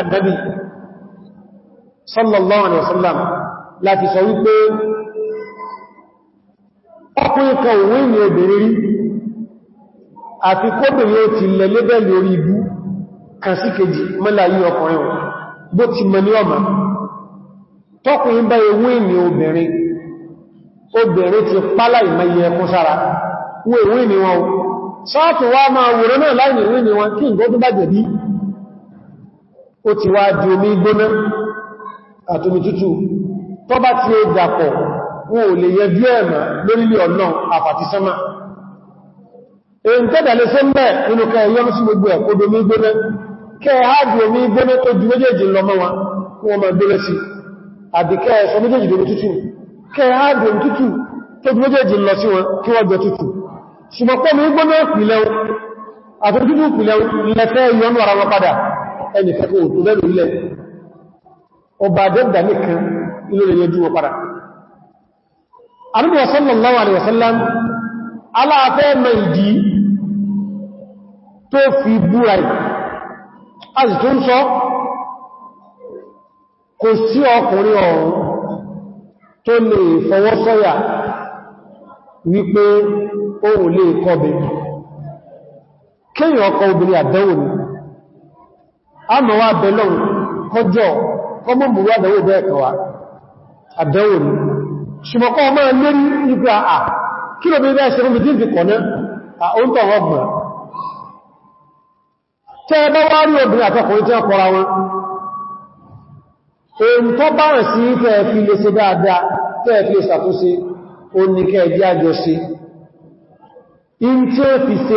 النبي صلى الله عليه وسلم sọ wípé ọkùnrin kan òun ní obìnrin rí àti kóbìnrin ó ti lẹ lébẹ̀lì orí ibú kan sí kejì mọ́lá yí ọkùnrin wọn bó ti mọ̀ ní ọmọ tọ́kùnrin bá ewé ní obìnrin obìnrin ti pálá ìmẹ́yẹ ẹkún sára wọ́n ewé ní wọn sáàtù wá máa wòrán náà láì ní ewé ní wọn kí nǹkan tó bá jẹ̀bí ó ti wá di omi gbóná àtomi tútù tó bá ti ó dàpọ̀ wọn ò lè yẹjú ẹ̀mà lórílẹ̀ ọ̀nà àfàtí sánmà èyí tẹ́dà lè ṣe mẹ́ nínú kẹyọ́n sí gbogbo ẹ̀kọ́ domi gbóná kẹ́ áàdì omi gbóná tó ju méjèèjì lọ mọ́ wa kí wọ́n máa gbóná lẹ́fẹ́ ìyọnú ara wọn padà ẹni kẹ́kọ̀ọ́ tó bẹ́rù ilẹ̀ ọba dẹ́gbà nìkan ilé rẹ̀ yẹ dúró padà àrùbọ̀ sallallahu alaihi wasallam aláàfẹ́ mẹ́ ìdí tó fi búra àti tó ń sọ kò sí ọkùnrin ọ̀run tó lè fọwọ́ sọ́yà wípé ohun ọkọ̀ obìnrin àdánwò ni a mọ̀ wá bẹ̀lọ́n kọjọ́ ọmọ mọ̀rọ̀ àdẹ̀wò bẹ́ẹ̀ kọwa àdẹ̀wò ni ṣùgbọ́kọ́ ọmọ lórí ipa à kí ló bẹ́ẹ̀ ṣe rúmi dìndì kọ̀ náà àwọn tó ọgbọ̀n tẹ́ bá wá rí obìnrin àtọkùnrin tẹ́ kọra wọn ohun tó bá rẹ̀ sí tẹ́ fi lè ṣe dáadáa tẹ́ fi lè ṣàtúnṣe ó ní kẹ́ ẹ̀jẹ́ àjọṣe in tí ó fi ṣe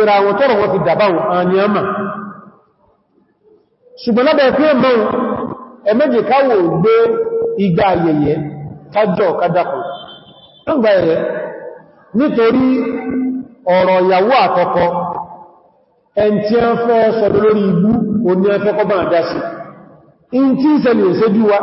ṣùgbọ́n lábẹ̀ emejikawo mọ́ ẹ̀mẹ́jì káwò gbé igba ayẹyẹ kájọ kájákùn lọ́gbà ẹ̀rẹ́ nítorí ọ̀rọ̀ ìyàwó àtọkọ ẹn tí a fẹ́ sọ̀dọ̀ lórí ibú òní ẹfẹ́ kọ́ máa dásí in tí fe kada wa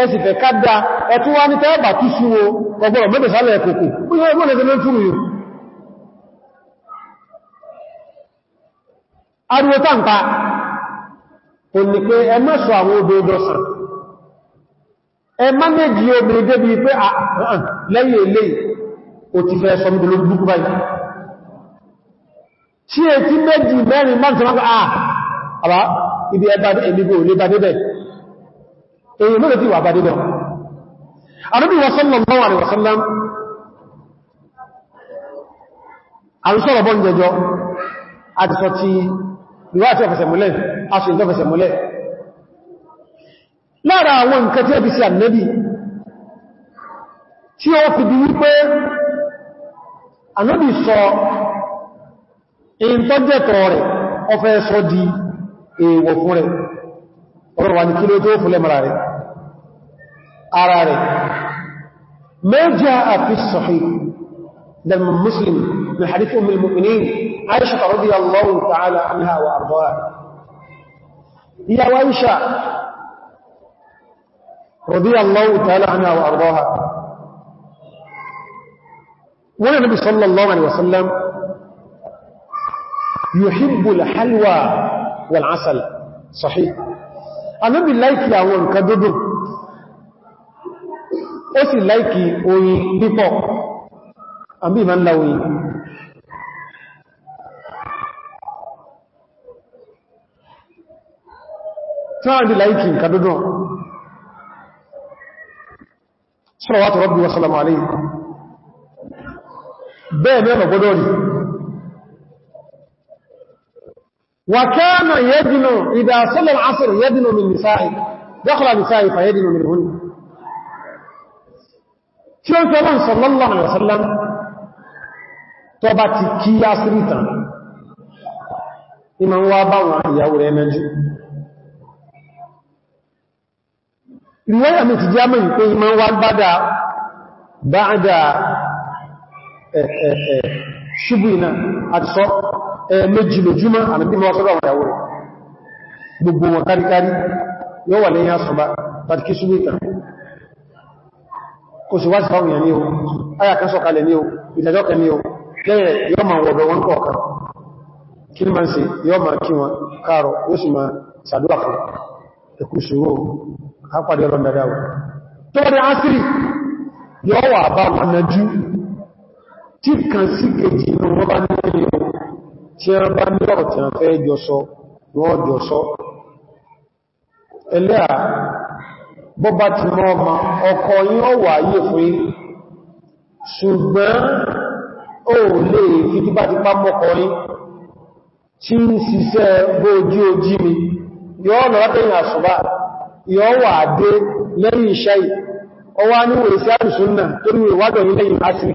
ẹ sì fẹ́ kádá ẹ̀tún wá ní tẹ́ẹ̀bà tí súnwó ọgbọ̀rọ̀ ò ní pé ẹ má sọ àwọn obìnrin dọ̀sán ẹ má méjì obìnrin débi pé àhàn ah, ah, ah, lẹ́yìn ilé ò ti fẹ́ sọ mìdó lórí búkú báyìí tí è tí méjì mẹ́rin má sọmọ́ àbá ibi ẹba ẹgbẹ̀gbẹ̀ ò lè bá débẹ̀ èyí mọ́lẹ̀ tí wà bá débẹ̀ Ànábì sallallahu alaihi wasallam àrùsọ́rọ̀ bọ́n jẹjọ àti sọ ti ìwá àti ọ̀fẹ́sẹ̀ múlẹ̀ aṣe tó fẹsẹ̀ mọ́lẹ̀ lára àwọn nǹkan tí ó fi sí ànẹ́bì tí ó fi bí wípé ànẹ́bì sọ in tó jẹ́tọ̀ rẹ̀ ọfẹ́ sọ di èèwọ̀ fún rẹ̀ ọ̀rọ̀ wà ní kí ló tó fún lẹ́mọ̀ra ara rẹ̀ méjì àfi sahih لما مسلم من حديث أم المؤمنين عائشة رضي الله تعالى عنها وأرضاها هي وإنشاء رضي الله تعالى عنها وأرضاها والنبي صلى الله عليه وسلم يحب الحلوى والعسل صحيح النبي لايكي يا هو dúdú اسي sì وي بيبو pípọ̀ من لاوي táàdì láìkì nǹkan dúdún sọ́rọ̀wátọ̀ rọ́bí wa sọ́lọ̀mà aléyìn bẹ́ẹ̀ mẹ́mà gbọ́dọ̀ rí wà kánà yẹ́dìnà ìdá sọ́lọ̀m asìrì yẹ́dìnà min nisa'i dákọ̀lá nisa'i fa yẹ́dìnà min hun kí ó tọ́lọ́n sallallahu alaihi ìyàwó rẹ̀ mẹ́jú riwaya mi ti jámọ̀ ìpé ma wá bádá báadá ṣubú iná àti sọ méjì lójúmọ́ àmì ma sọ́rọ̀ àwọn ìyàwó rẹ̀ gbogbo wọn káríkárí yóò wà lẹ́yìn àṣọ́bá láti kí ṣubú ìtàn kò sí wá sí fáwọn èèyàn ní ni ma ń ṣe yóò ma kí wọn káàrọ̀ yóò sì ma ṣàdúrà fún ẹkùsòrò àpàdé ọlọ́n dáadáa tọ́rẹ ásìrì yọ́ wà bá mọ̀nájú tí kan sí kejì inú wọ́n bá nílé ohun tí a bá ní ọ̀rọ̀ tí a fẹ́ jọsọ wọ́n jọsọ ẹlẹ́à bọ́ bá ti mọ́ ọmọ ọkọ̀ yíò wà yìí fún ṣùgbọ́n ó lè fi tí bá ti pá mọ́kọ̀ yìí tí ń ṣiṣẹ́ bóòjí ojí mi yóò lọ látẹ̀yìn àṣùbá yóò wà dé lẹ́yìn iṣẹ́ ọwá níwò ìsẹ́ àrùsúnnà tó ní ìwádọ̀ ní lẹ́yìn asìrì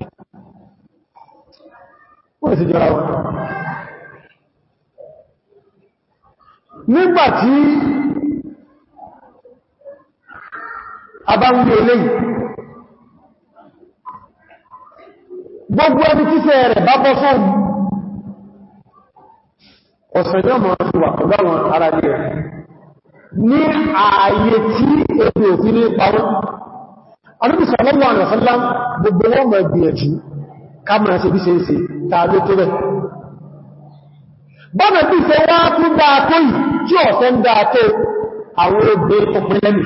wọ́n jọra wọn nígbàtí gbogbo ẹni rẹ̀ bá bọ́ fún ọ̀sẹ̀ yọ́ mọ̀ wà ní ààyè tí èdè òfin ní pàwọ́. Ànábì sallallahu alaihi gbogbo wọn mọ̀ ìgbìyànjú kámàrà sí bí ṣe tààrí tó rẹ̀. Bọ́nà bí ṣe wá tún bá tó yìí tí ọ̀sẹ́ ń dá tó àwọn ogbe ọkùnrinlẹ́mì.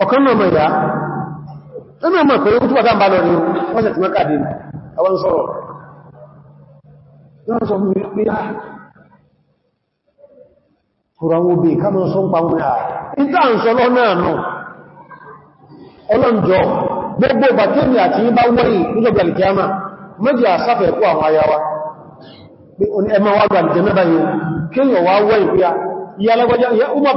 Ọ̀kan náà mọ̀ náà sọ fún wípé á ọ̀rọ̀wọ̀ obì kámọ́ ọlọ́njọ́ gbogbo bàtẹ́mì àti yí bá wọ́yìn níjọba alìkíyàmà méjì àsáfẹ́ kú àwọn ayawa ẹmà wà gbà nìjẹ́ mẹ́bà yóò kíyàn wá wọ́yìn pé ya lágbàjá ya Umar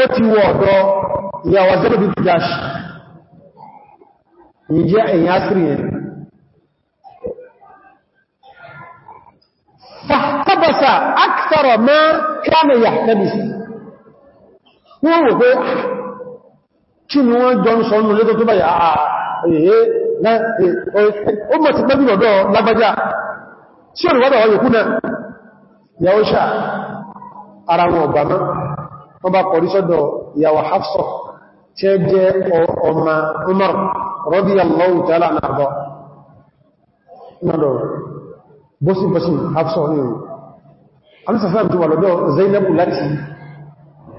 ó ti wọ ọ̀dọ̀ ìyàwó zẹ́bẹ̀ bí jash ìjẹ́ ẹ̀yìn asìrì ẹ̀ fàtàbàsà akẹ́rọ̀ mẹ́ kánà yà tẹ́bìsì wọ́n wò pé ah, kí ni wọ́n jọ ń sọ nù lẹ́tọ́ tó báyà ààrẹ ah, ah, eh, eh, eh, ó mọ̀ sí pẹ́bí lọ́dọ̀ lágbájá wọ́n bá kọ̀rí sọ́dọ̀ ìyàwó Hafsa tí ó jẹ́ ọmọ Umar radiyallahu ta'ala anha nọ́dọ̀ bọ́sí-bọ́sí Hafsa ní ohun alìsàfẹ́ àti wà lọ́dọ̀ Zainabu láti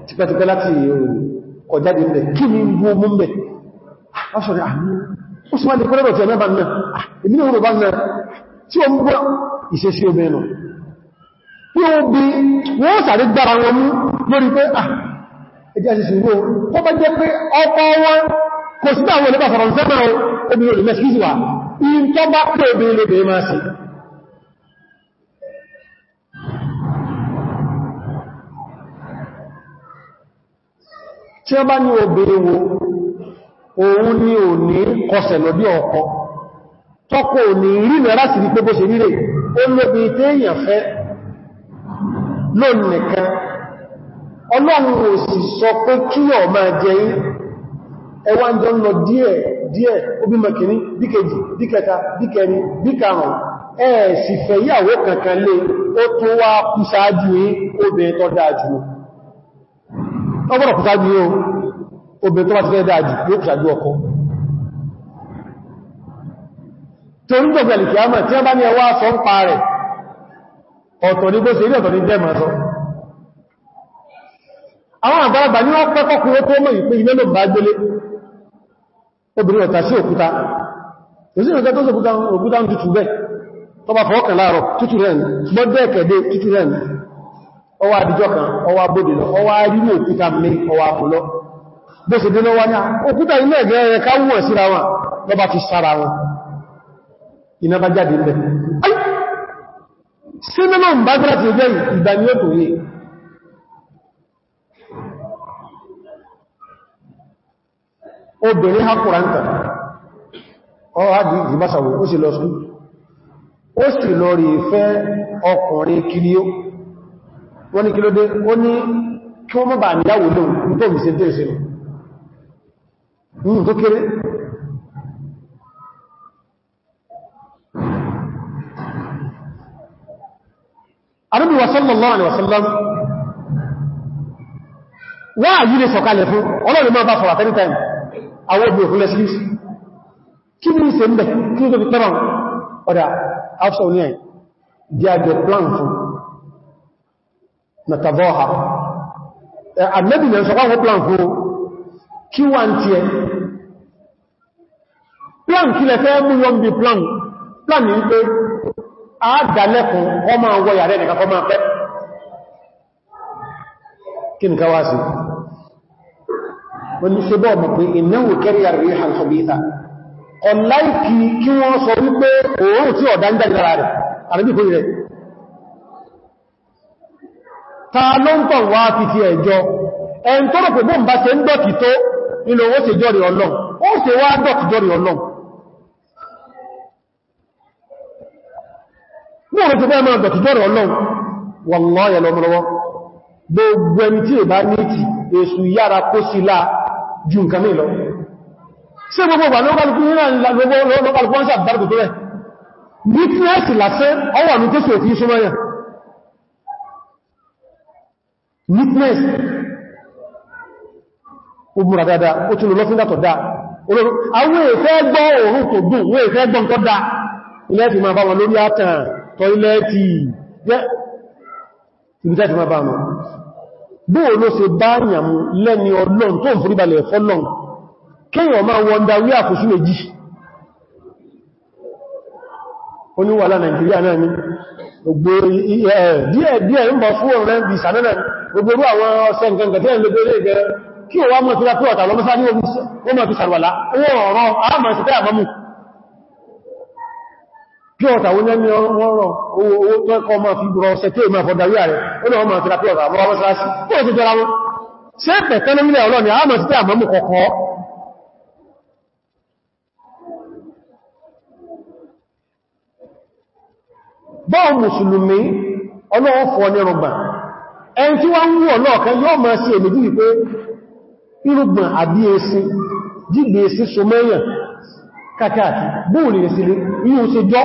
tipẹ́tipẹ́ láti kọjáde mẹ́ kí ní gbó mú mẹ́ ọ́sọ̀rẹ̀ àmú ó sì wá lè kọ́lẹ̀bọ̀ ah, wọ́n sàrí gbára wọn mú lórí pé à ẹjẹ́ àṣìṣì ìwò ó bá jẹ́ pé ọkọ̀ wọn kò sí àwọn olùbá sọ̀rọ̀ sẹ́mọ̀ obìnrin olùmẹ́sìkìsì wà in tó bá pé obìnrin lè bèé máa sí tí ó bá ní obìnrin wo òun ni ò ní kọsẹ̀ lọ́dí ọkọ tọ́kọ ò ní rí mẹ́rá sí ní pé bó ṣe ọlọ́run ò sì sọ pé kí ọ máa jẹ yí ẹwà ń jọ ń lọ díẹ̀ díẹ̀ obi mọ̀kìní díkejì díkẹta díkẹni díkarùn ẹ sì fẹ́ yàwó kankan lé ó tó wá kú sáájú yí obìnrin tó dáájú ọgbọ́n kú sáájú yí obìnrin tó bá ti fẹ́ dáájú yóò kú sáájú ọkọ torí gbogbo ẹ̀lìkì àmà tí wọ́n bá ní ẹwà sọ ń pa rẹ̀ ọ̀tọ̀ ní gbóṣe ilé ọ̀tọ̀ ní jẹ́ sọ àwọn àgbàlagbà ní wọ́n pẹ́kọ́kùnrin tó mọ̀ ìpé ilé ló bá gbélé obìnrin ọ̀tà sí òkúta òsìnà tó tó òkúta ń tutù bẹ́ tó bá fọ́ọ̀kàn láàrọ̀ tutù rẹ̀ gbọ́dẹ̀ ẹ̀kẹ̀dẹ̀ tutù rẹ̀ ọwá àdíjọ́ kan ọwá bóde lọ ọwá rí ní òkúta mi ọwá pọ̀lọ́ bó ṣe dínà ni obìnrin hapuranta ọ̀hádìí ìbáṣàwò ó sì lọ sún ó sì lọ rí fẹ́ ọkùnrin kiri ó wọ́n ní kí ló dé ó ní kí wọ́n mọ́bà níyàwó lóun nítorí sí tẹ́ ìsinmi tó kéré wasallam wọ́n àyílẹ̀ sọ̀kalẹ̀ fún ọlọ́rin bá àwọn obìnrin fún lẹ́sílìsì kí ní ṣe mẹ́ kí ní tó fi tọ́rọ ọ̀dá afsọ ní ẹ̀ di àjọ plan fún mẹ́tàbọ́ha àgbẹ́bì lẹ́ sọpá wọ́n plan fún kí wà ń tí ẹ plan kí lẹ fẹ́ mú wọ́n bí plan plan ní pé a dálẹ́kùn ọmọ wọ́yà ká wá sí ní ṣe bọ́ ọmọ pé innahu kariha ar-riha al-khabitha ọ̀láìkì kí wọ́n sọ wípé òórùn tí ọ̀dá ń jáde lára rẹ̀ àríbí kò rẹ̀ ta ló ń tọ̀ wá fi ti ẹ̀jọ ẹn tó rò pé bóń bá ṣe ń dọ̀kì tó nílò ó ṣe jọ́rì ọlọ́n gbogbo ẹni tí ìbá ní ìtì èsù yára kó sílá ju nǹkan mí lọ sí gbogbo wà lọ́pàlùkú wọ́n sàbárùkù tó rẹ̀ witness lásẹ́ ọwà ní tó sì òfin súnmọ́ yà witness ó múra dáadáa ó tún lọ fíndà tọ̀ dáa àwọn èfẹ́ gbọ́ òórùn tó dùn wọ́n èfẹ́ gbọ́n tọ́ dáa ilẹ̀ fi máa bá wọn lórí àtàn tọ́ ilẹ̀ ti jẹ́ bóò ló ṣe báyàn lẹ́ni ọlọ́n tó ń foríbalẹ̀ fọ́lọ́n kíyàn máa wọ́nda wí àkùsù méjì oníwàlá Nàìjíríà náà ní díẹ̀díẹ̀ ń bọ̀ fún ọ̀rẹ́ bí sànánà gbogbo àwọn ọ̀sẹ̀ nǹkan kẹtẹ́ ìlẹ́gbẹ̀rẹ̀ ìgbẹ̀rẹ̀ kí o wá mọ̀ sí kí ọ̀tà wọ́n ní ọ̀rọ̀ owó tó ẹkọ́ máa fi bọ̀rọ̀ ṣe tí èmà fọ̀dàrí ààrẹ olóòwò máa tẹ́lá pé ọ̀tà wọ́n mọ́sílásí tó ti jọra wọn ṣe pẹ̀tẹ́ lómìnà ọlọ́ni àmà títẹ́ àmàmù kọ̀kọ́ bọ́ọ̀ mùsùlùmí ọlọ́ọ̀fọ́ ní rọgbà ẹni tí wọ́n wú ọlọ́ọ̀kan yóò máa sí èmì dìí pé irúgbọ̀n àbí esi jígbèsí somẹ́yàn kàkàkì bóòlì ìsìlẹ̀ yíò ṣe jọ́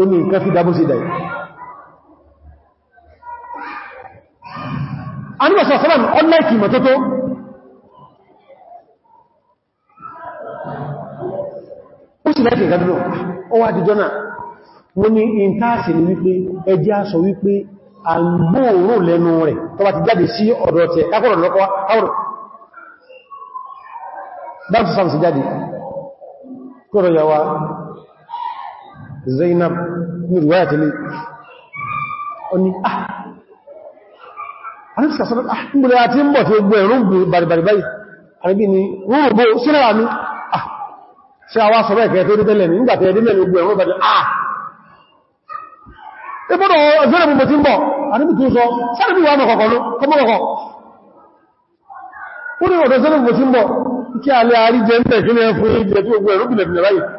omi nǹkan fi dábó sí dáì anúbàṣà sọ́lọ́nù ọ́nláìkì mọ̀tótó ó sì láìkì ìgbàdúrò ó wá dìjọ́ náà wọ́n ní ìntáàsì ní wípé ẹjẹ́ aṣọ wípé àgbóòrò lẹ́nu rẹ̀ tó bá ti jáde sí ọ̀dọ̀ tẹ̀ kọ́rọ̀ yàwá Zainab ní ìwáyà tẹ́lẹ̀ ọni ah alifisa sọ́dọ̀ ah nígbèrè àti ń bọ̀ tí ó ẹ̀rùn bú bàrìbàrì báyìí àríbí ah! ni ah ṣe tó sọ ní ní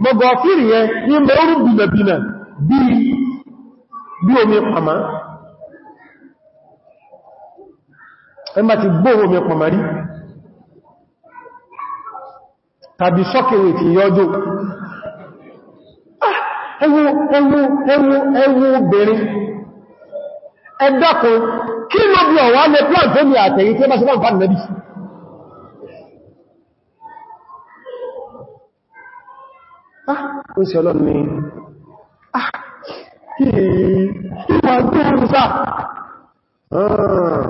gbogbo fíìrì yẹn ní mẹ́rún bìnàbìnà bí omi pàmà ẹmà ti gbóhùn omi pàmà rí tàbí sọ́kèwé ti yọjọ́ ah, ẹwọ ẹwọ ẹwọ ẹwọ obìnrin ẹ̀dàkùn kí ló bí ọ̀wà lè plant tí ó bá ṣe Ah, ó sì ọlọ́run ni ìwà tó ń sá ah.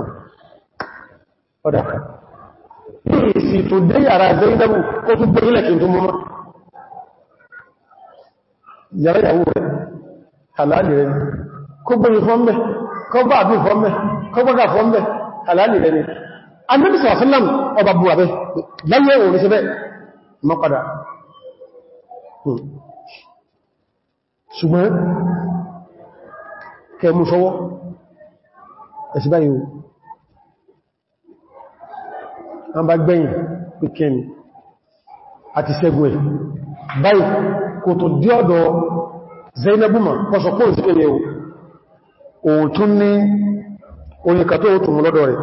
ọ̀dá èsì tó dé yàrá zainabu kó tó gbé ilẹ̀ kìí tó mọ́ yàrá ìyàwó rẹ̀ aláàlì rẹ̀ kó gbóyìn fọ́nbẹ̀ kó bá àbí fọ́nbẹ̀ kó gbọ́gà fọ́nbẹ̀ aláàlì rẹ̀ ni annabi sallallahu alaihi wasallam ọba buwa bẹ́ láyé òun sí bẹ́ mọ́kàdá Hmm. ṣùgbọ́n kẹmù sọwọ́ ẹ̀sì báyìí o a bá gbẹ̀yìn pé kẹni àti sẹ́gun ẹ̀ báyìí kò tó dí ọ̀dọ̀ Zainabuma pọ́sọ̀pọ̀ ìsìnkẹ̀lẹ̀ o òòtún ní oníkà tó òtùn lọ́dọ̀ rẹ̀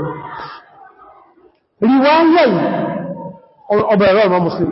ríwáyà ọbẹ̀ ẹ̀rọ ọmọ Muslim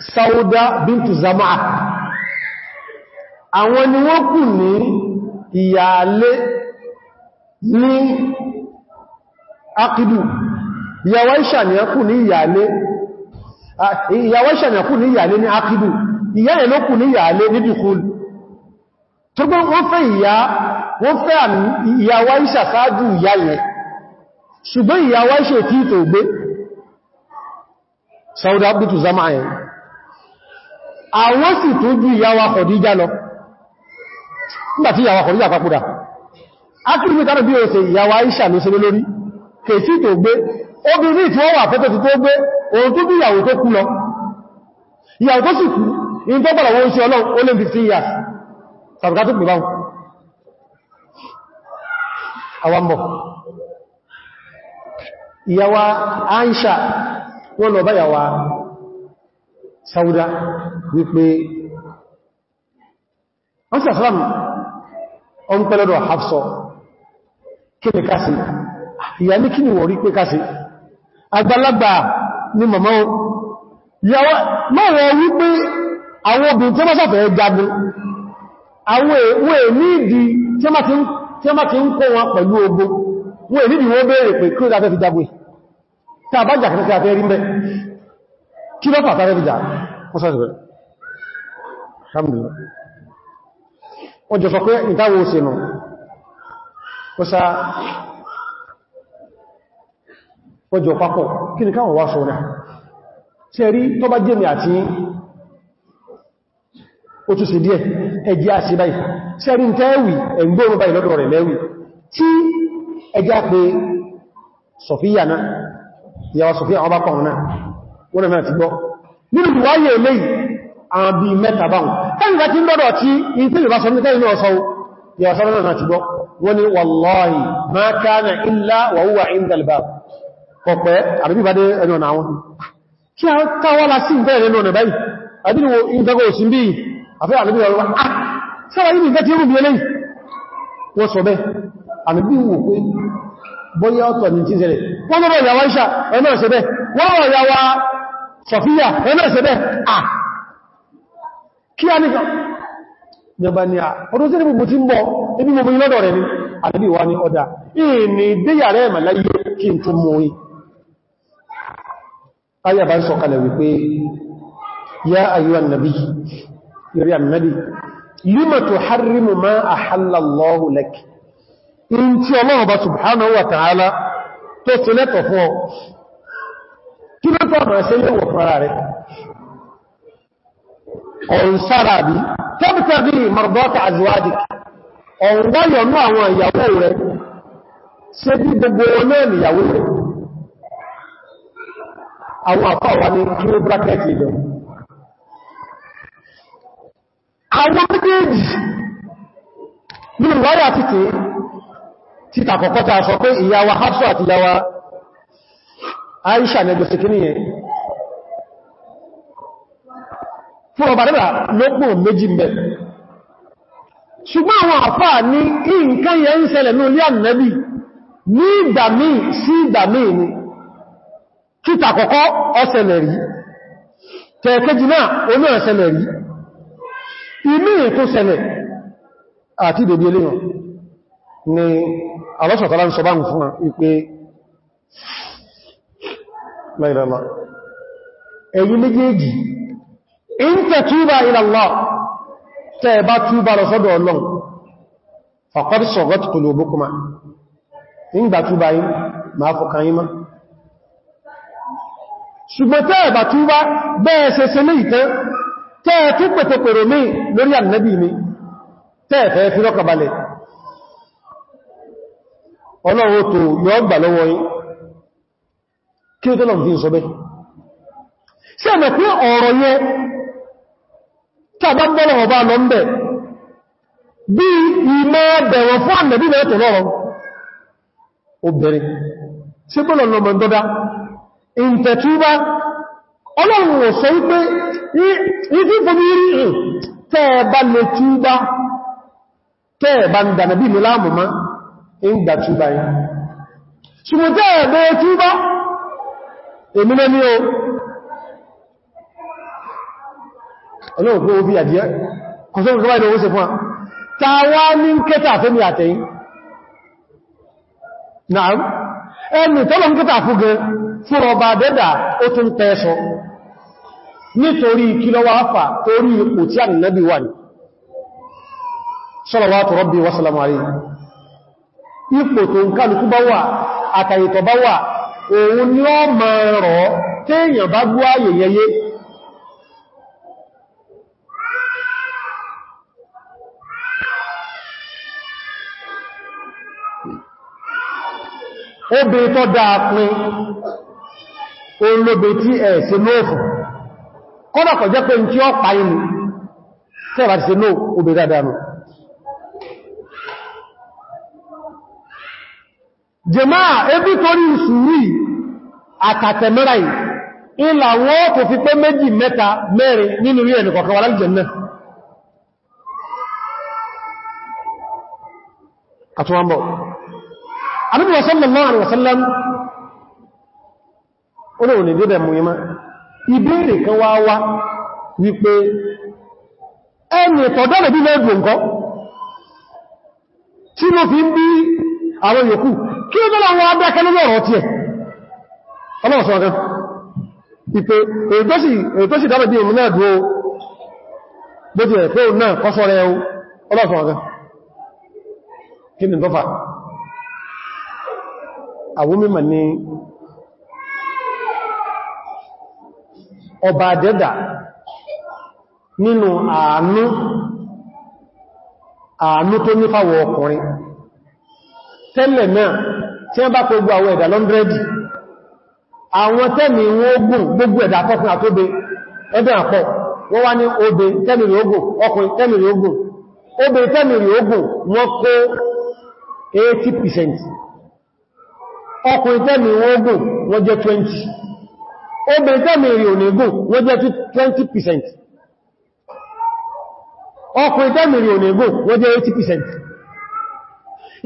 Sauda bintu Zama'a àwọn ni wọ́n kù ní ìyàlé ní Akidu ìyàwó ìṣàníyàkù ní ìyàlé ah, ìyàwó ìṣàníyàkù ní ìyàlé ní Akidu ìyá ẹ̀ ló kù ní ìyàlé ní Dùkúl tó gbọ́n wọ́n fẹ́ ìyá wọ́n fẹ́ ìyàwó ìṣàsáájú ìyá yẹn ṣùgbọ́n ìyàwó ìṣẹ́ tí ìtò Sauda bintu Zama'a àwọn sì tó ju ìyàwó Khadija lọ nígbàtí ìyàwó Khadija papòdà akírígbé tánà bí o ṣe ìyàwó Aisha ló ṣe lórí kèsí tó gbé obìnrin tí wọ́n wà fẹ́tọ̀ ti tó gbé ohun tó bí ìyàwó tó kú lọ ìyàwó tó sì kú in tó bọ̀rọ̀ wọ́n ṣe ọlọ́run Sauda wípé wọ́n sí àṣírám ọm pẹ́lẹ́dọ̀ Hafsa kí ni kásì ìyà ní kí ni wọ̀rí pé kásì àgbàlagbà ni màmá mọ́wọ̀ wípé àwọn obìnrin tí wọ́n sàfẹ́ jagun àwọn èwé e, e nídi tí wọ́n ti ń kó wọn pẹ̀lú ogun wọ́n e nídi wọ́n béèrè pé kí ó dáfẹ́ fi jagun tàbájà kẹta fẹ́ rí mẹ́ kí lọ́pàá fẹ́ rí jà wọ́n sàfẹ́ alhamdulillah wọ́n jọ sọ pé ìtawò òsìnà kọsá ọjọ́ papọ̀ kí ni káwọn wá sọ ṣe rí tó bá jẹ́mi àti ó tún sí díẹ̀ ẹjẹ́ báyìí ṣe rí tẹ́ẹ̀wì ẹ̀gbọ́n báyìí lọ́dọ̀ rẹ̀ lẹ́wì tí ẹjẹ́ pé sọ̀fíyà náà àwọn bí mẹ́ta báhùn tẹ́gbà tí ń lọ́dọ̀ tí in tí ìbá sọmí tẹ́yìn náà sọ́wọ́ yà sọ́rọ̀ náà ti gbọ́ wọ́n ni wallahi ma kana illa wa huwa inda al-bab kọ̀pẹ́ àbí bá dé ẹnu ọ̀nà àwọn kí a káwọ́lá sí bẹ́ẹ̀rẹ̀ náà báyìí àbínúwò ìgbẹ́gbẹ́ òsìn bí àfẹ́ àlúbí ọ̀rọ̀ ah sáwà yìí nìkan tí ní tí zẹ̀rẹ̀ wọ́n mọ́rọ̀ ìyàwó wọ́n mọ́rọ̀ ìyàwó Sofia ẹ̀nà ṣe bẹ́ẹ̀ ah kí a nìkan ọ ni a ọdún sí ní gbogbo tí ń bọ́ ibi gbogbo rẹ̀ ni àdúbí wa ní ọdá ìní rẹ̀ mà láyé kí n tún mú rí ayàbá wípé ya nabi annabi ma ahalla Allahu lak in tí Ọlọ́run bá subhanahu wa ta'ala tó tilẹ̀tọ̀ ọ̀rùn sára bí tẹ́bùtẹ́bì mọ̀rọ̀bọ́ta àzíwájì ọ̀rùn wáyọ̀nú àwọn ìyàwó rẹ̀ ṣe bí gbogbo olóò ìyàwó rẹ̀ àwọn àfáwà ní kíló brákẹ́tì ìjọ àwọn méjèèjì ní ìwáyà títí títàkọ̀kọ́ta sọ pé ìyàwó Hafsa àti ìyàwó Aisha nẹgbẹ̀sẹ̀kí fún ọba dẹ́bà lọ́pọ̀ méjì mẹ́ ṣùgbọ́n àwọn àfà ní nǹkan yẹn ń ṣẹlẹ̀ ní olí ànẹ́bì ní ìgbà míì sí ìgbà míì ni kíta kọ̀kọ́ ọ̀ṣẹlẹ̀ rí tẹ̀ẹ̀kejì náà oní ọ̀ṣẹlẹ̀ rí inú ètò ṣẹlẹ̀ àti ìdòdí eléyàn ni alọ́sọ̀tọ́lá ń sọ bá fún ìpé láìlọ́lá méjèèjì in tatuba ila Allah tẹ́ bá túbà lọ sọ́dọ̀ Ọlọ́run faqad saghat qulubukuma nígbà túbà yí ma fọ́kàn yí ma ṣùgbọ́n tẹ́ bá túbà bẹ́ẹ̀ ṣe ṣe ní ìtẹ́ tẹ́ tún pẹ̀tẹ̀pẹ̀rọ mi lórí ànẹ́bì mi tẹ́ fẹ́ fi rọ́kàbalẹ̀ Ọlọ́run yọ gbà lọ́wọ́ yín kí ó tọ́lọ̀ fi ń sọ bẹ́ sí ẹ̀mẹ̀ ọ̀rọ̀ yẹn tàbá gbọ́nà ọba lọ ń bẹ̀ bí ìmọ̀ bẹ̀rọ fún àmẹ́bí mẹ́tọ̀ lọ́rọ̀ obìnrin sí gbọ́nà lọ mọ̀ndọ́dá ìntẹ̀túbá ọlọ́run ò sọ wípé ní fòmí rí tẹ́ẹ̀bá lè túbá tẹ́ẹ̀bá ń dànàbí ọlọ́run pé ó fi àdíyẹ́ kò sọ́run tó bá ìlú oúnjẹ fún wa ta wá ní kẹta fẹ́mi àtẹ́yìn náà ẹni tọ́lọ ń kẹta fún gan fún ọba dẹ́dà ó tún tẹ́ẹ̀ṣọ nítorí kílọ́wà tí a rabbi wa salamu alayhi ipò tó ń kálukú bá wà àtàyètọ̀ bá obìnrin tó dáa pín olóbe tí ẹ̀ ṣe lóòfù kọ́dọ̀kọ̀ jẹ́ pé tí ó pa inú tẹ́bà ti ṣe lóò obè dáadáa nù jẹmá ebí torí ìṣúrí àtàtẹ̀mẹ́ra yìí ìlà wọ́n kò fi pé méjì mẹ́ta mẹ́rin nínú rí ẹ̀nì kọ̀ọ̀kan wà lálìjẹ̀ náà Ànábì sallallahu alaihi wasallam olóòrùn ìdíbẹ̀ mú ìmá ìbéèrè kan wá wá wípé ẹni tọ̀dọ́rẹ̀ bí lẹ́gbẹ̀ ǹkọ́ tí ló fi ń bí àwọn yòókù kí ó lọ́la wọn abẹ́ akẹ́lẹ́ ọ̀rọ̀ tí ẹ̀ ọlọ́ọ̀sọ̀ọ̀kan ìpé èyí tó sì àwọn mímọ̀ ni ọba dẹ́dà nínú àánú àánú tó nífàwọ̀ ọkùnrin tẹ́lẹ̀ náà tí wọ́n bá kó gbogbo àwọn ẹ̀dà lọ́ndrẹ́dì àwọn tẹ́mì wọn ogun gbogbo ẹ̀dà akọ́kùn àtóbe ẹgbẹ́ àpọ̀ wọ́n wá ní obe tẹ́mìrì ogun ọkùnrin tẹ́mìrì ogun obe tẹ́mìrì ogun wọ́n kó 80% ọkùnrin tẹ́mì ogun wọ́n jẹ́ 20 obìnrin tẹ́mì èrè onígun wọ́n jẹ́ 20% ọkùnrin tẹ́mì èrè onígun wọ́n jẹ́ 80%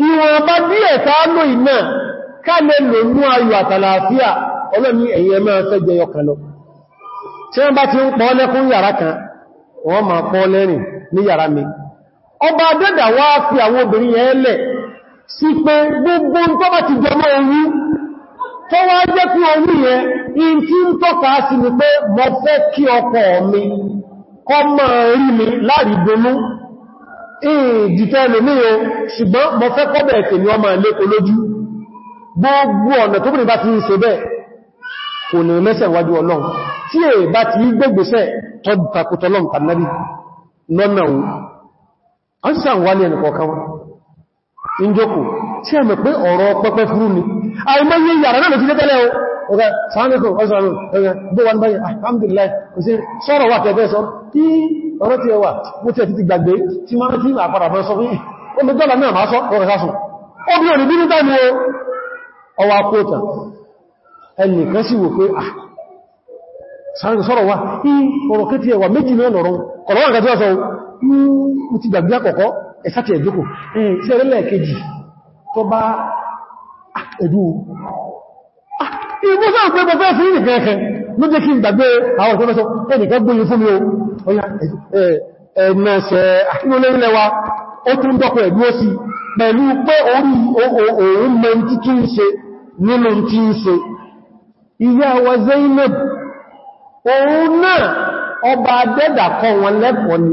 ìwọ̀n bá díẹ̀ tánú iná kálẹ̀ lò mú ayò àtàlàáfíà ọlọ́ni ẹ̀yìn ẹmọ́ ti kan sí pé gbogbo tó bá ti jẹ mọ́ orí tó wá jẹ́ kí orí yẹ in tí ń tọ́ka sí ni pé mo fẹ́ kí ọkọ mi kọ́ mọ́ rí mi láàrìdónú ìdìtẹ́ lè ní o ṣùgbọ́n mo fẹ́ kọ́bẹ̀ ẹ̀kẹ́ ni ọmọ ẹ̀lẹ́kọ́ lójú gbogbo ọ̀nà tó bá ti ń ṣe bẹ́ẹ̀ kò ní mẹ́sẹ̀ wájú ọlọ́run tí è bá ti ìjókò tí ẹ̀mẹ̀ pé ọ̀rọ̀ pẹ́pẹ́ fúrú ni àìmọ́yé yàrá náà ló ti lé tẹ́lẹ̀ ọ̀gá sàánìkò ọ̀sàánù ọ̀gá bó wà ní báyìí ah, alhamdulillah kò sí sọ́rọ̀ wà tẹ́fẹ́ sọ tí ọ̀rọ̀ ti ẹwà mú ti ẹ̀ ti gbàgbé tí máa tí àpàdà bọ́ sọ fún olùdọ́là náà máa sọ ọ̀rọ̀ sásùn ó bí òní bínú tàbí ọwà kóòtà ẹni kan sì wò pé ah sàánìkò sọ́rọ̀ wà tí ọ̀rọ̀ kẹ́ ti ẹwà méjì náà lọ́rọ̀ ọ̀rọ̀ wà nǹkan tí wọ́n ẹ̀sàtì ẹ̀dókò ṣe rẹ̀lẹ̀ kejì tó bá ah, ẹ̀dù ah, ìgbésà pé pọ̀fẹ́ sí ìrìnkẹ́ẹ̀kẹ́ ló jẹ́ kí n gbàgbé àwọn ìpọ́fẹ́sọ ẹnìkan gbóyìn fún mi o ọya ẹ̀mẹ́sẹ̀ àkínúlẹ́rìnlẹ́wà ó tún dọ́kọ̀ ẹ̀dú ó sí pẹ̀lú pé orí òun mẹ́ tí kí ń ṣe nínú tí ń ṣe ìyá ọba adẹ́dà kọ́ wọn lẹ́pọ̀ ni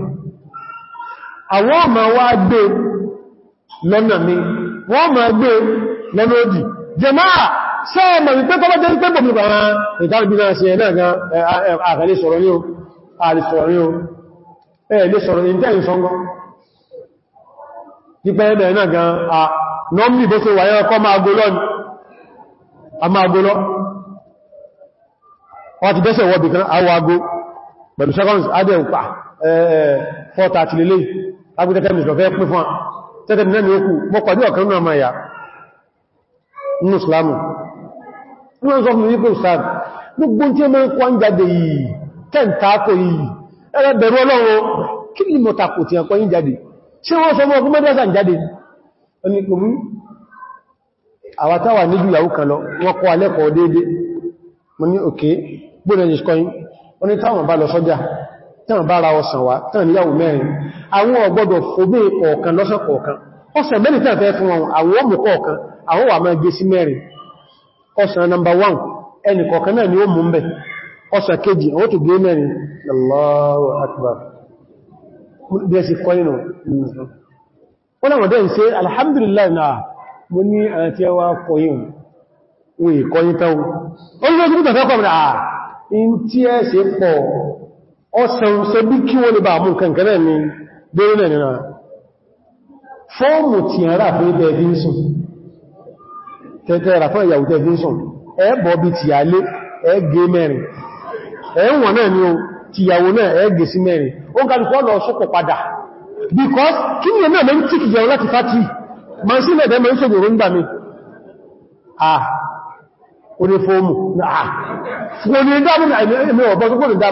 àwọn ọmọ wá gbé lọ́nà mi wọ́n ma gbé lọ́nà òdì jẹmáà sọ́ọ̀mọ̀ wípé tọ́lọ́ jẹ́ pé bọ̀mù bàrá ìdáàbí náà sí ẹ̀nà gan àrẹ́lẹ́ sọ̀rọ̀ ní o àrẹ́sọ̀rọ̀ ní o ẹ̀ẹ́lẹ́ sọ̀rọ̀ ní jẹ́ ìṣọ́ngọ́ pípẹ́ ẹ̀nà gan à nọ́mì bó ṣe wáyé ọkọ́ máa gólọ́ ni a máa gólọ́ wọ́n ti dẹ́sẹ̀ wọ́bì kan àwọ̀ ago pẹ̀lú seconds adẹ́ ń pa 4:30 lélẹ́yìn agbẹ́tẹ́tẹ́ mi lọ fẹ́ pín fún tẹ́tẹ́ mi náà ni ó kú mọ́ pàdé ọ̀kan náà máa yà nínú islamu wọ́n sọ fún wípé ustad gbogbo tí ó mọ́ kọ́ ń jáde yìí tẹ́ntàkò yìí ẹgbẹ̀rú ọlọ́run kí ni mọ̀ tàkò tí ẹkọ́ yìí jáde ṣe tán bára ọsàn wá tán níyàwó mẹ́rin àwọn ọgbọ́dọ̀ na kọ̀ọ̀kan lọ́sàn kọ̀ọ̀kan ọsàn mẹ́rin tán fẹ́ fún wọn àwọn ọmọ kọ̀ọ̀kan àwọn wà máa gé sí mẹ́rin ọsàn number one ẹni kọ̀ọ̀kan náà ni ó mú mẹ́ ọsàn kejì àwọn tó gé mẹ́rin alhamdulillah in ọ̀sẹ̀rùsẹ̀ bí kí wọ́n lè bá mú kankanáà ní bẹ́rẹ̀ nìna fọ́ọ̀mù tí a rà fún ibẹ̀ vinson tẹ́tẹ́ rà fún ìyàwó tẹ́ vinson ẹ bọ̀bí ti alé ẹ gé mẹ́rin ẹ̀wọ̀n náà ni o ti ìyàwó náà ẹ gé sí mẹ́rin ó kàlùkọ́ ni ẹ̀mẹ́ mẹ́ tí ah orí fọ́ọ̀mù ah fún orí dámù ẹ̀mẹ́ ọ̀bọ̀ sọ́gbòrò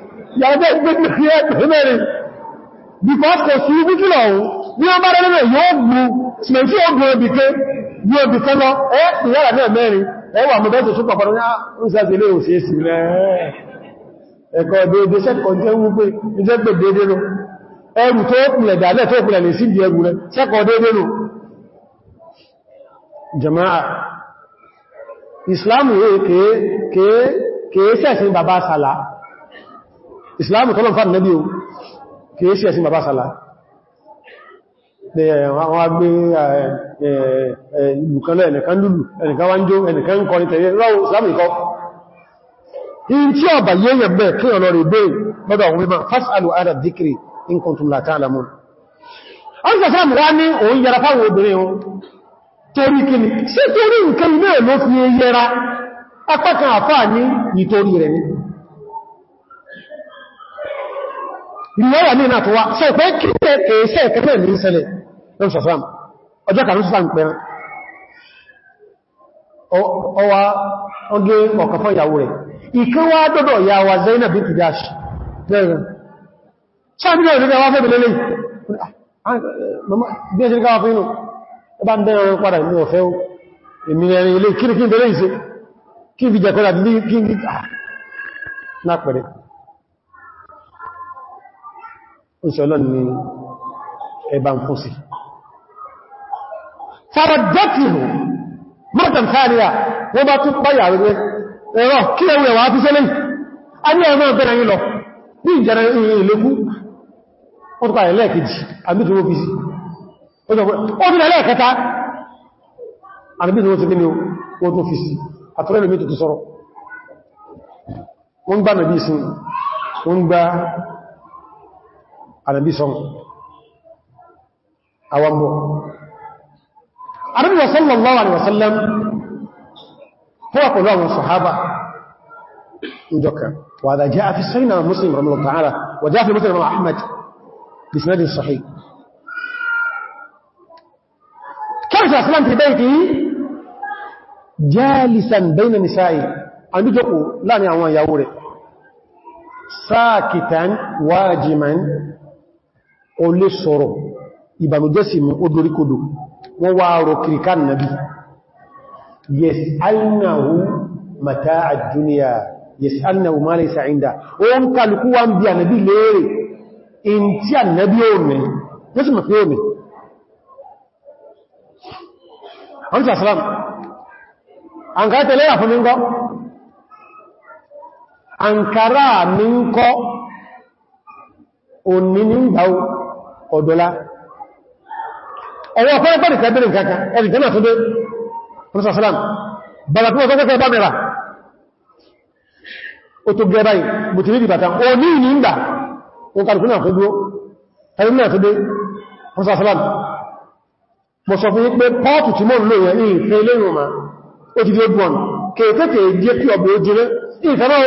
yàgbẹ́ gbẹ́gbẹ́ sí ẹgbẹ́ mẹ́rin because kò sí wíkìlọ̀ ọ̀hún ní ọmọ rẹ̀ rẹ̀ yóò gbù tí ó gbù obìké ní obìké lọ ẹ́ ìyára náà mẹ́rin ẹwà mọ̀ bẹ́ẹ̀ tó súnkọ̀ pàdán yá ń sáàtì ilé òṣèṣì ah, rẹ̀ ẹ̀kọ́ dédé sẹ́kọ̀ọ́ jẹ́ wípé jẹ́ pé dédé lọ ẹrù ìsìláàmù tọ́lọ̀ fà nẹ́bí o kìí sí ẹ̀sìn bàbá sàlá àwọn agbé ìlúkanlẹ̀ ẹnìkan lúlù ẹnìkan wá ń jó ẹnìkan ń kọrin tẹ̀lé rọ́ ìsìláàmù ikọ́ in tí ọba yẹ́yẹ̀ bẹ̀ kí ọ̀nà rẹ̀ bẹ̀ lọ́dọ̀ àwọn mímọ̀ fásàlù ara dìkìrì in kuntum la ta'lamun an sọ sáàmù wá ní òun yẹra fáwọn obìnrin ni ìwọ́yà ní ìnàtọ̀ wá sọ pé kí ní kèèṣẹ́ ìkẹtẹ̀ ní ìṣẹ́lẹ̀ lọ́sọ̀sọ́m ọjọ́ kan lọ́sọ̀sọ́m pẹ̀rẹ̀ ọwá ọgẹ́ ọ̀kan fún ìyàwó rẹ̀ ìkan wá dọ́dọ̀ ya wa Zainab bintu Jahsh bẹ́ẹ̀rẹ̀ ìṣọ́lọ́n ni ẹba ń fún sí faradatihu mọ́tàn sáàríà wọ́n bá tún báyà rẹ̀ ẹ̀rọ kí ẹwù ẹ̀wà fi sẹ́lẹ̀ a ní ẹ̀rọ bẹ̀rẹ̀ yìí lọ ní ìjẹrẹ ìlékú wọ́n tó kààrẹ̀ lẹ́ẹ̀kejì àbídúró fi sí ó tún lẹ́ẹ̀kẹta àbídúró ti gíní ó tún ànàbí sọ́rọ̀ àwọn mọ́ àrẹ́bíwà sallallahu alaihi wasallam fún àpọ̀lú àwọn sọ̀hábà ìjọka wà dá jẹ́ àfi sẹ́yìn àwọn muslim ramu ta'ala wà jẹ́ àfi muslim ahmad bisnadin sahih kẹrìsì aslam ti bẹ́ẹ̀kì jalisan bayna nisa'i an dújọ́kù láàrin àwọn ìyàwó rẹ̀ sáàkìtàn wájiman ó lè sọ̀rọ̀ ìbànújẹ́ sí mú ó doríkodò wọ́n wá rọ kìríkà nàbí yes annahu mata àjúníyà yes annahu ma lè sa'inda ó ń kàlùkú wá ń bí ànàbí léèrè in tí ànàbí òmì yóò sì mafi ankara mi ń kọ́ òní ní ìgbàwó ọ̀dọ́lá ọwọ́ ọ̀fẹ́ pẹ̀lú ìfẹ́bìnrin kankan ẹni jẹ́mà tó dé rọ́sàsálàm bàbá tó mọ̀ sọ́kẹ́kẹ́ bá mẹ́ra ó tó gẹ́rà ìbòtìrí ìbàtà ó ní ìní ìgbà ó kàrùkú náà fẹ́ dúró tàbí náà tó dé rọ́sàsálàm mọ̀ sọ fún pé pọ́ọ̀tù tí mọ́ ń lò yẹn ní ìfẹ́ ilé ìrùnmà ó ti dé gbọ́n kèékèèkèé jẹ́ kí ọ̀bẹ̀ ojúrẹ́ ìfẹ́rọ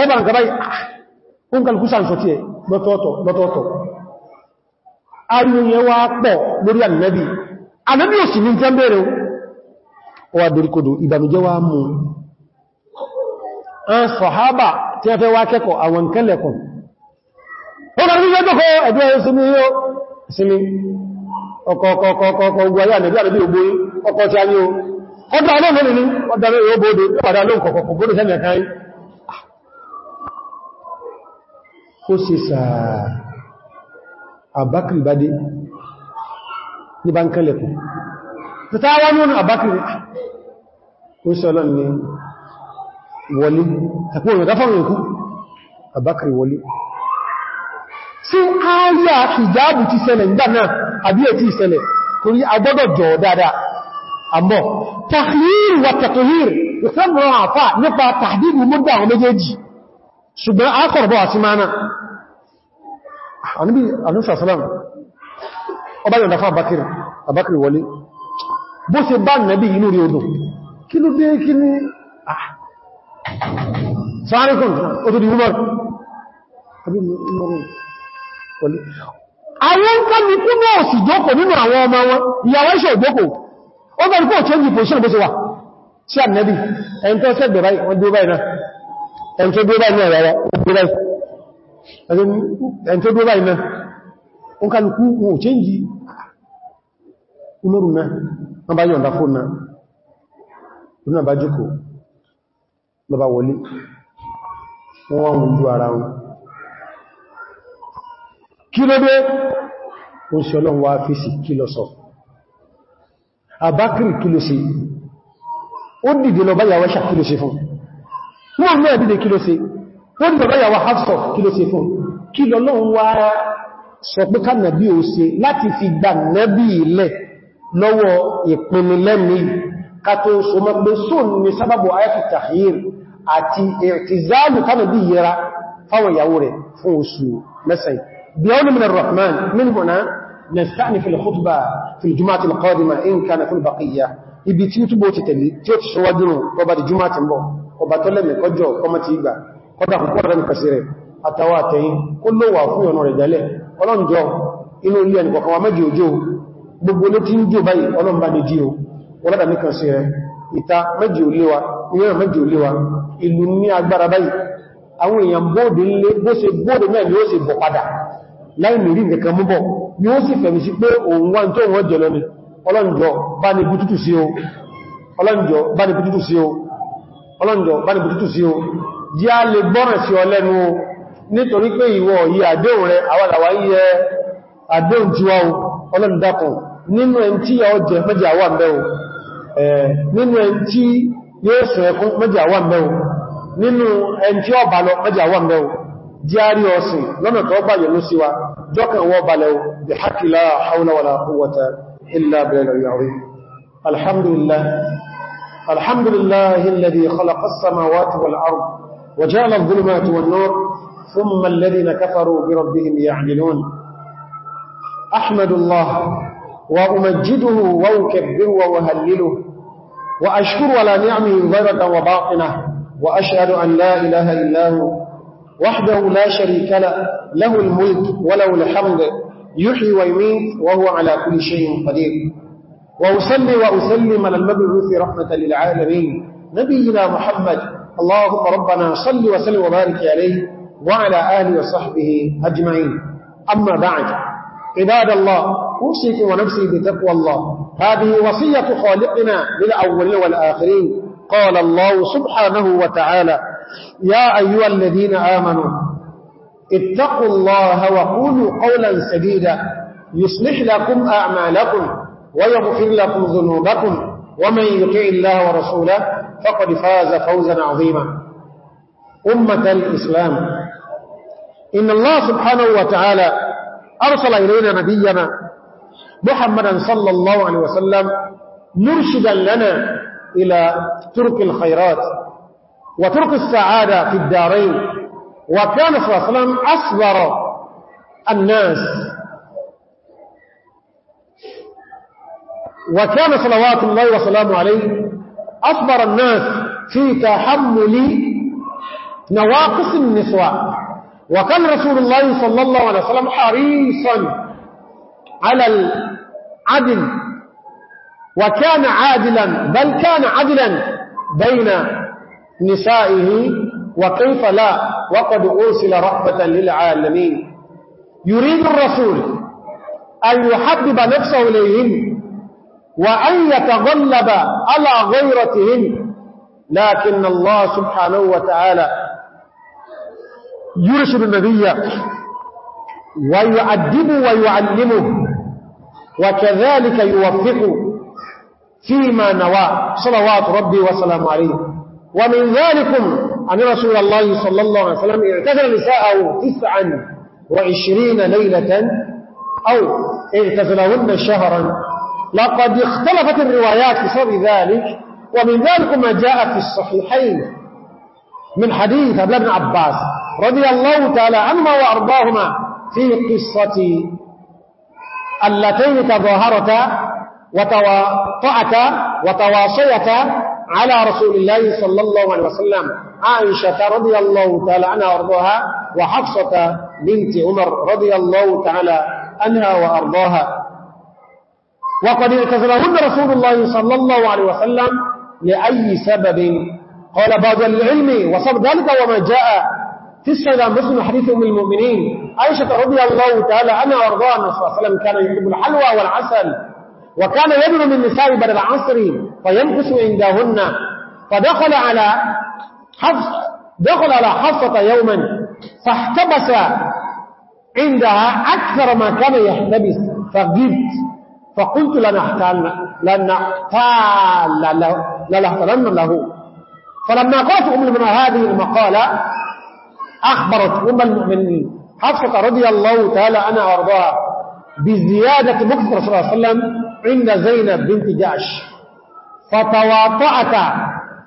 ẹ̀bà nǹkan báyìí ah, ó ń kàrùkú sàǹsọ̀ tí ẹ lọ́tọ̀ọ̀tọ̀ lọ́tọ̀ọ̀tọ̀ ariwoyin wá pọ̀ lórí annabi annabi ò sì ní jẹ́ bẹ̀rẹ̀ wà dúríkodò ìbànújẹ́ wá mú an sọ̀hábà tí a fẹ́ wá kẹ́kọ̀ọ́ àwọn kẹ́lẹ̀kùn Kó ṣe sàá àbákìrì bá dé ní bá ń kẹ́lẹ̀kùn tàtà wá ní ọ̀nà àbákìrì ah, ó sọ́lọ́ ni wọlé tàbí òyìnbá fọ́nà ikú àbákìrì wọlé tí a yà ìjáàbù ti ṣẹlẹ̀ nígbà náà àbí ètí ìṣẹlẹ̀ torí agbọ́dọ̀ jọ dáadáa àmọ́ àníbí alúṣàsánàm ọba yọ̀nda fún àbákìrì àbákìrì wọlé bó ṣe bá nẹ́bí inú rí odò kí ló dé kí ní ah. sáàríkùn ó tó di umar àwọn nǹkan ní kú náà sì jókòó nínú àwọn ọmọ wọn ìyàwó iṣẹ́ ìjókòó ó bẹ̀rẹ̀ kó change position bó ṣe wà sí ànẹ́bì ẹni tó ṣẹ́gbẹ̀ báyìí wọ́n dúró báyìí náà ẹni tó báyìí náà rárá ẹni tó dúró báyìí náà ó kálùkú wọn ò chéjì umaru náà wọ́n bá yọ̀nda fún náà oní àbá jùkú lọ bá wọlé wọ́n wọ́n mú ju ara wọn kí ló dé ó sì ọlọ́run wá fi sí kí lọ sọ àbákìrì kí ló sí ó dìde lọ bá yàwó ṣàkí ló sí fún wọ́n mú kí ló sí wọ́n ni bàbá yàwó hafsọ̀ kí ló ṣe fún kí lọ́lọ́run wá sọ pé ká nàbí ò ṣe láti fi gbà nàbí ilẹ̀ lọ́wọ́ ìpinlẹ́mí kàtò ṣọmọ pé sóòn ní sábàbù ayatu tahyir àti الرحمن من هنا نستعني في الخطبة في الجمعة القادمة إن كان في البقية ibi tí ó túbọ̀ ti tẹ̀lé tí ó ti ṣọwọ́dúnrún ọba di jùmọ́ àti mbọ̀ ọba tó ọmọ ti ìgbà kọ́dà púpọ̀ rẹ̀ nìkàsí rẹ̀ àtàwà àtẹ̀yìn kó ló wà fún ọ̀nà rẹ̀ jálẹ̀ ọlọ́njọ́ inú ilé ẹni kọ̀kan wa méjì òjò gbogbo ló ti ń jò báyìí ọlọ́mbà ní jí o ọlọ́dà nìkàsí rẹ̀ ìta méjì òléwa ìyẹn méjì òléwa ìlú ní ni ó ṣe bọ̀ padà láì mìírí nǹkan ni ó sì fẹ̀mí sí pé òun wá tó wọ́n jẹ lọ ni ọlọ́njọ́ bá ní bútútù sí o ọlọ́njọ́ bá sí o jẹ́ a lè gbọ́ràn sí ọlẹ́nu nítorí pé ìwọ yí àdéhùn rẹ àwàdàwà yẹ àdéhùn tí wá ọlọ́ndàkùn nínú ẹn tí yà ọjẹ́ mẹ́jẹ̀ àwà mẹ́wọ̀ nínú ẹn tí yóò sọ ẹkún mẹ́jẹ̀ àwà mẹ́wọ̀ nínú ẹn tí ọba lọ mẹ́jẹ̀ àwà mẹ́wọ̀ jẹ́ àrí ọ̀sìn lọ́nà tó gbà yẹ̀ ló sí wa وجعل الظلمات والنور ثم الذين كفروا بربهم يعدلون أحمد الله وأمجده وأكبره وأهلله وأشكر على نعمه ظهرة وباطنة وأشهد أن لا إله إلا هو وحده لا شريك له له الملك وله الحمد يحيي ويميت وهو على كل شيء قدير وأسلم وأسلم على المبعوث رحمة للعالمين نبينا محمد اللهم ربنا صل وسلم وبارك عليه وعلى آله وصحبه أجمعين أما بعد عباد الله أوصيك ونفسي بتقوى الله هذه وصية خالقنا للأولين والآخرين قال الله سبحانه وتعالى يا أيها الذين آمنوا اتقوا الله وقولوا قولا سديدا يصلح لكم أعمالكم ويغفر لكم ذنوبكم ومن يطع الله ورسوله فقد فاز فوزا عظيما أمة الإسلام إن الله سبحانه وتعالى أرسل إلينا نبينا محمدا صلى الله عليه وسلم مرشدا لنا إلى ترك الخيرات وترك السعادة في الدارين وكان صلى الله عليه وسلم أصبر الناس وكان صلوات الله وسلامه عليه أكبر الناس في تحمل نواقص النسوة وكان رسول الله صلى الله عليه وسلم حريصا على العدل وكان عادلا بل كان عدلا بين نسائه وكيف لا وقد أرسل رحبة للعالمين يريد الرسول أن يحبب نفسه إليهم وأن يتغلب على غيرتهم لكن الله سبحانه وتعالى يرشد النبي ويؤدبه ويعلمه وكذلك يوفقه فيما نوى صلوات ربي وسلام عليه ومن ذلك أن رسول الله صلى الله عليه وسلم اعتزل نساءه تسعا وعشرين ليلة أو اعتزلهن شهرا لقد اختلفت الروايات بسبب ذلك ومن ذلك ما جاء في الصحيحين من حديث ابن ابن عباس رضي الله تعالى عنه وأرضاهما في قصة اللتين تظاهرتا وتواطعتا وتواصيتا على رسول الله صلى الله عليه وسلم عائشة رضي الله تعالى عنها وارضاها وحفصة بنت عمر رضي الله تعالى عنها وارضاها وقد اعتزلهن رسول الله صلى الله عليه وسلم لأي سبب قال بعض العلم وصف ذلك وما جاء في السيدة مسلم حديث أم المؤمنين عائشة رضي الله تعالى أنا وارضاها النبي صلى الله عليه وسلم كان يحب الحلوى والعسل وكان يدن من نساء بعد العصر فينقص عندهن فدخل على حفص دخل على حفصة يوما فاحتبس عندها أكثر ما كان يحتبس فغبت فقلت لنحتال لنحتال له لنحتالن له فلما قلت أم المؤمنين هذه المقالة أخبرت أم المؤمنين حفظة رضي الله تعالى عنها وارضاها بزيادة مكتب رسول الله صلى الله عليه وسلم عند زينب بنت جعش فتواطأت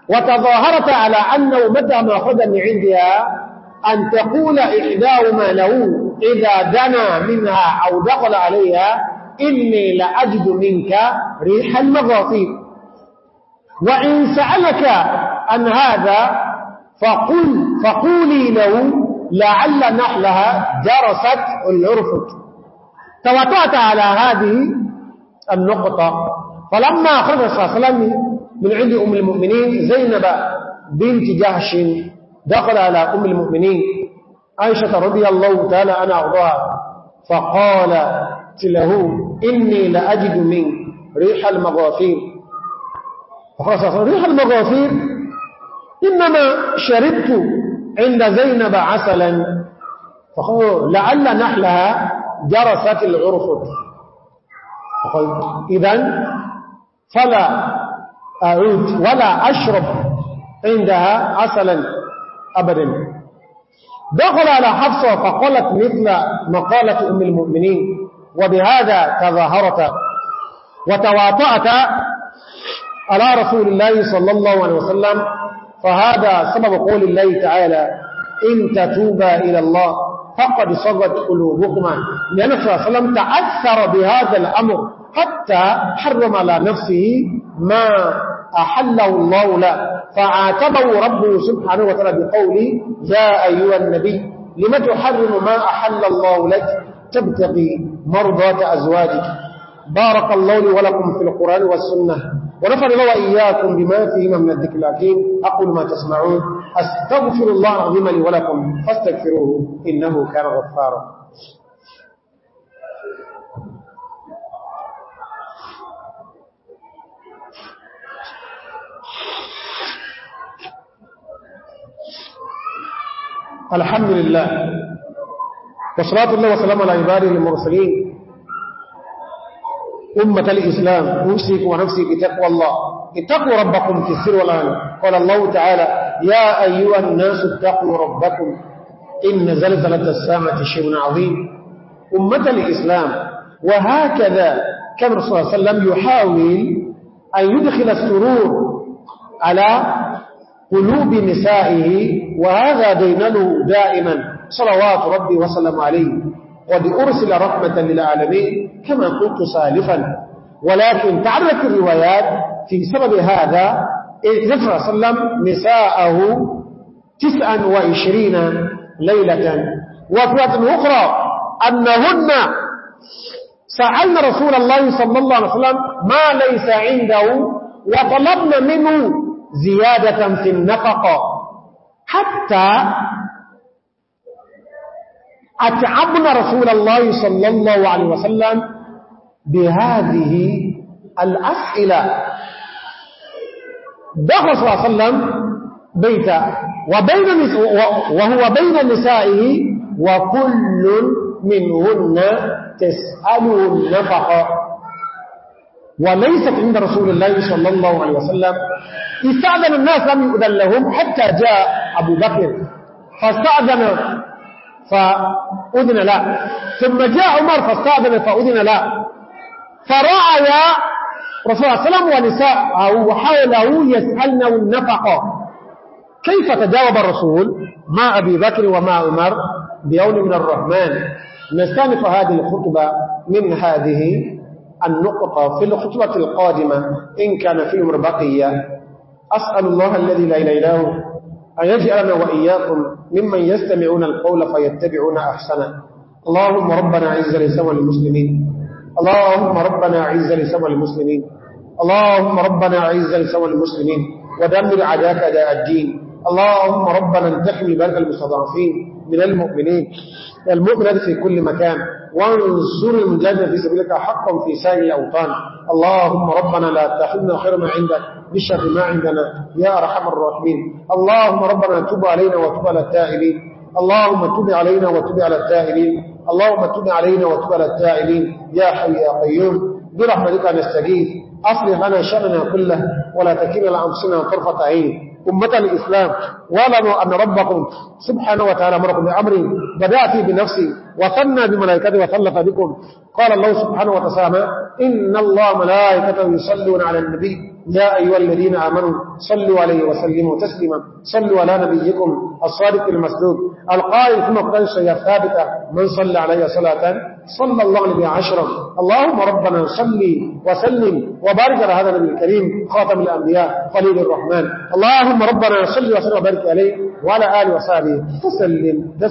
وتظاهرت على أنه متى ما من عندها أن تقول إحداهما له إذا دنا منها أو دخل عليها إني لأجد منك ريح المغاطير وإن سألك عن هذا فقل فقولي له لعل نحلها جرست العرفت توقعت على هذه النقطة فلما أخرج صلى الله عليه وسلم من عند أم المؤمنين زينب بنت جهش دخل على أم المؤمنين عائشة رضي الله تعالى أنا أرضاها فقال قلت له إني لأجد من ريح المغافير فخاصة ريح المغافير إنما شربت عند زينب عسلا فقال لعل نحلها جرست العرفة فقال إذن فلا أعود ولا أشرب عندها عسلا أبدا دخل على حفصة فقالت مثل مقالة أم المؤمنين وبهذا تظاهرت وتواطأت على رسول الله صلى الله عليه وسلم فهذا سبب قول الله تعالى إن تتوبى إلى الله فقد صغت قلوبكما لأن صلى الله عليه وسلم تأثر بهذا الأمر حتى حرم على نفسه ما أحله الله له فعاتبه ربه سبحانه وتعالى بقوله يا أيها النبي لم تحرم ما أحل الله لك تبتغي مرضاة أزواجك بارك الله لي ولكم في القرآن والسنة ونفر الله وإياكم بما فيهما من الذكر الأكيم أقول ما تسمعون أستغفر الله العظيم لي ولكم فاستغفروه إنه كان غفارا الحمد لله وصلاة الله وسلامه على عباده المرسلين أمة الإسلام أوسيك ونفسي بتقوى الله اتقوا ربكم في السر والآن قال الله تعالى يا أيها الناس اتقوا ربكم إن زلزلة الساعة شيء عظيم أمة الإسلام وهكذا كان رسول الله صلى الله عليه وسلم يحاول أن يدخل السرور على قلوب نسائه وهذا دينله دائما صلوات ربي وسلم عليه قد أرسل رحمة للعالمين كما كنت سالفا ولكن تعرف الروايات في سبب هذا ذكر صلى الله عليه وسلم نساءه تسعا وعشرين ليلة وفي أخرى أنهن سألن رسول الله صلى الله عليه وسلم ما ليس عنده وطلبن منه زيادة في النفقة حتى أتعبنا رسول الله صلى الله عليه وسلم بهذه الأسئلة دخل صلى الله عليه وسلم بيتا وبين وهو بين نسائه وكل منهن تسأله النفقة وليست عند رسول الله صلى الله عليه وسلم استأذن الناس لم يؤذن لهم حتى جاء أبو بكر فاستأذن فأذن لا ثم جاء عمر فاستاذن فأذن لا فرأي رسول الله صلى الله عليه وسلم ونساءه وحوله يسألنه النفقة كيف تجاوب الرسول مع أبي بكر ومع عمر بيون من الرحمن نستانف هذه الخطبة من هذه النقطة في الخطبة القادمة إن كان في عمر أسأل الله الذي لا إله إلا هو أيجعلنا وإياكم ممن يستمعون القول فيتبعون أحسنه اللهم ربنا عز لسوى المسلمين اللهم ربنا عز لسوى المسلمين اللهم ربنا عز لسوى المسلمين ودمر عداك داء الدين اللهم ربنا انتحمي بلد المستضعفين من المؤمنين المؤمن في كل مكان وانصر المجاهدين في سبيلك حقا في سائر الأوطان اللهم ربنا لا تحلنا خير ما عندك بشر ما عندنا يا أرحم الراحمين اللهم ربنا تب علينا وتب على التائبين اللهم تب علينا وتب على التائبين اللهم تب علينا وتب على التائبين يا حي يا قيوم برحمتك نستجيب أصلح لنا شأننا كله ولا تكلنا لأنفسنا طرفة عين أمة الإسلام وعلموا أن ربكم سبحانه وتعالى أمركم بأمر بدأت بنفسي وثنى بملائكته وثلث بكم قال الله سبحانه وتعالى إن الله ملائكة يصلون على النبي يا أيها الذين آمنوا صلوا عليه وسلموا تسليما صلوا على نبيكم الصادق المسدود القائل في يا ثابتة من صلى عليه صلاة صلى الله عليه عشرا اللهم ربنا صلي وسلم وبارك على هذا النبي الكريم خاتم الأنبياء خليل الرحمن اللهم ربنا صلي وسلم وبارك عليه وعلى آله وصحبه وسلم